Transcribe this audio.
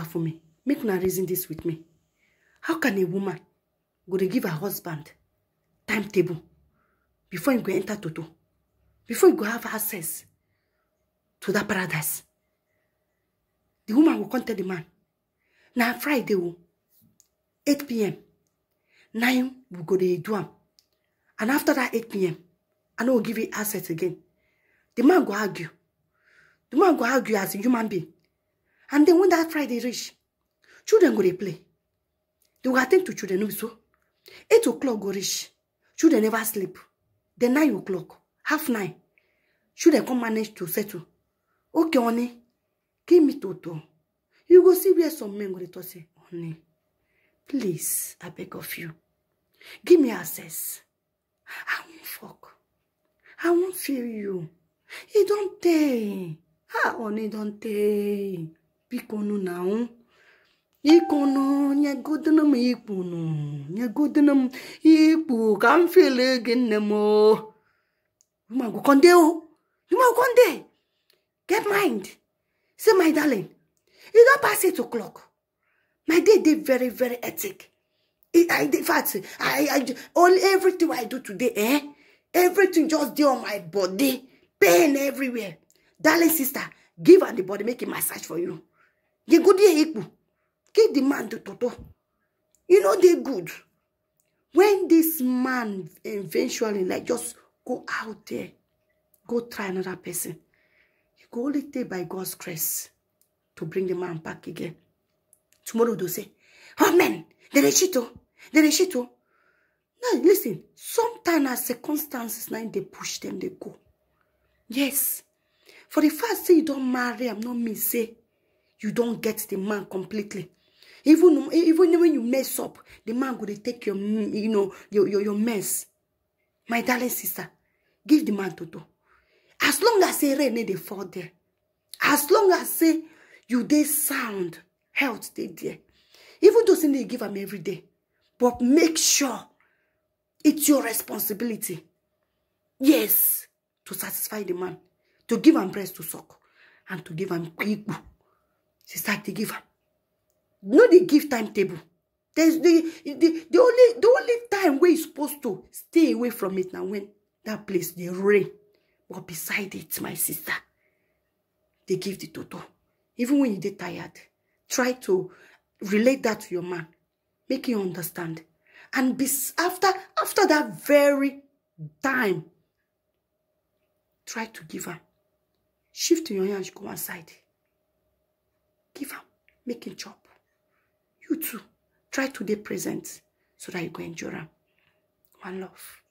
for me make una reason this with me how can a woman go dey give her husband timetable before im go enter toto before im go have access to that paradise The woman will come tell di man Now friday o 8pm na im we go dey do am and after that 8pm i no go give you access again The man go argue The man go argue as a human being And then when that Friday reach, children go dey play. They will attend to children, no be so. Eight o'clock go reach, children never sleep. Then nine o'clock, half nine, children come manage to settle. Okay, honey, give me toto. You go see where some men go to say, honey, please, I beg of you, give me access. I won't fuck. I won't feel you. E don't take. Ah, honey, don't take." pikonu naụ ikonu nyegodena m ikpunu nyegodena m ikpu ka m fele gị nne m magwakonde o magwakonde get mind say my darling e don pass eight o'clock my day dey very very hectic I, in fact, I, I, all everything I do today, eh? Everything just there on my body, pain everywhere. Darling sister, give her the body, make a massage for you. They go there Iku. Give the man to Toto. You know they good. When this man eventually like just go out there, go try another person. You go only take by God's grace to bring the man back again. Tomorrow they'll say, Amen. Oh man, they're cheato, they're cheato. Oh. Now listen, sometimes as circumstances now they push them, they go. Yes. For the first say you don't marry, I'm not me say. you don't get the man completely. Even even when you mess up, the man going to take your you know your, your, your mess. My darling sister, give the man to do. As long as say rain they fall there, as long as say you they sound health they there, even those things they give them every day, but make sure it's your responsibility. Yes, to satisfy the man, to give him breast to suck, and to give him quick sister to give up. no the give timetable there's the, the the only the only time we you supposed to stay away from it Now when that place they rain but beside it my sister They give the toto even when you are tired try to relate that to your man make him understand and be after after that very time try to give her. shift your yansh go one side give am make him chop you too try to dey present so that you go enjoy am one love